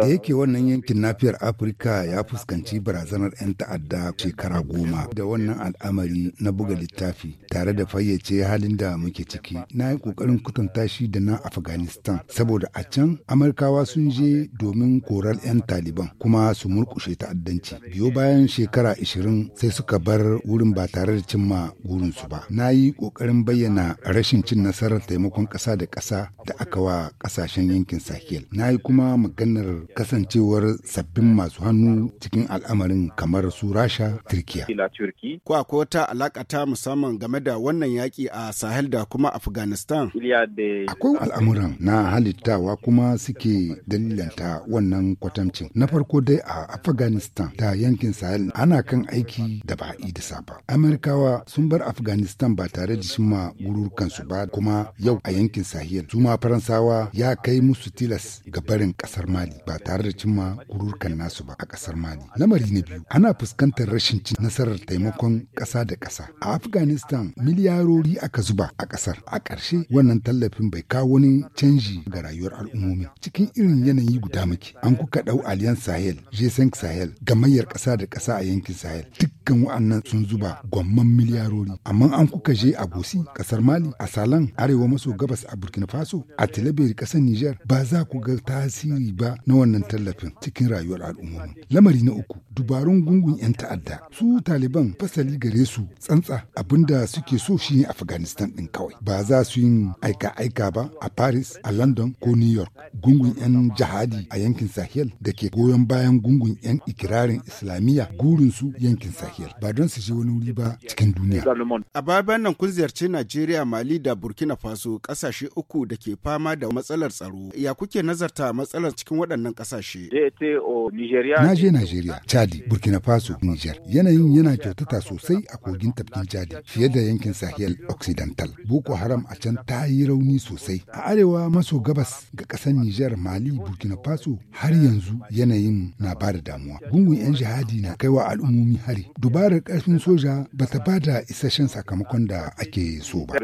Da yake wannan yankin nafiyar Afirka ya fuskanci barazanar 'yan ta'adda shekara goma da wannan al'amari na buga littafi tare da fayyace halin da muke ciki. Na yi ƙoƙarin kutunta shi da na Afghanistan saboda a can Amurkawa sun je domin korar 'yan Taliban kuma su murƙushe ta'addanci. Biyo bayan shekara 20 sai suka bar wurin ba tare da cimma su ba. Na yi ƙoƙarin bayyana rashin cin nasarar taimakon ƙasa da ƙasa da aka wa ƙasashen yankin Sahel. Na yi kuma maganar kasancewar sabbin masu hannu cikin al'amarin kamar su Rasha, Turkiya. Ko akwai wata alaƙa ta musamman game da wannan yaƙi a Sahel da kuma Afghanistan? Akwai al'amuran na halittawa kuma suke dalilanta wannan kwatancin Na farko dai a Afghanistan da yankin Sahel ana kan aiki da ba a da saba. Amerikawa sun bar Afghanistan ba tare da shima gururkansu ba kuma yau a yankin Sahel. Su ma Faransawa ya kai musu tilas ga barin ƙasar kasar mali ba tare da cimma gururkan nasu ba a kasar mali lamari na biyu ana fuskantar rashin cin nasarar taimakon kasa da kasa a afghanistan miliyarori aka zuba a kasar a ƙarshe wannan tallafin bai kawo wani canji ga rayuwar al'ummomi cikin irin yanayi guda muke an kuka ɗau aliyan sahel g sahel gamayyar ƙasa da ƙasa a yankin sahel duk dukkan wa'annan sun zuba gwamman miliyarori amma an kuka je a gosi kasar mali a salan arewa maso gabas a burkina faso a talabiyar kasar niger ba za ku ga tasiri ba na wannan tallafin cikin rayuwar al'ummomi lamari na uku dubarun gungun 'yan ta'adda su taliban fasali gare su tsantsa abinda suke so shi ne afghanistan din kawai ba za su yi aika-aika ba a paris a london ko new york gungun 'yan jihadi a yankin sahel da ke goyon bayan gungun 'yan ikirarin islamiyya gurin su yankin sahel ba don su je wani wuri ba cikin duniya. A baban nan kun ziyarci Najeriya, Mali da Burkina Faso kasashe uku da ke fama da matsalar tsaro. Ya kuke nazarta matsalar cikin waɗannan kasashe? Na je Najeriya, Chadi, Burkina Faso, Niger. Yanayin yana kyautata sosai a kogin tafkin Chadi fiye da yankin Sahel Occidental. Boko Haram a can ta yi rauni sosai. A arewa maso gabas ga ƙasar Niger, Mali, Burkina Faso har yanzu yanayin na ba da damuwa. Gungun 'yan jihadi na kaiwa al'ummomi hari. dubarar ƙarfin soja ba ta ba da isasshen sakamakon da ake so ba.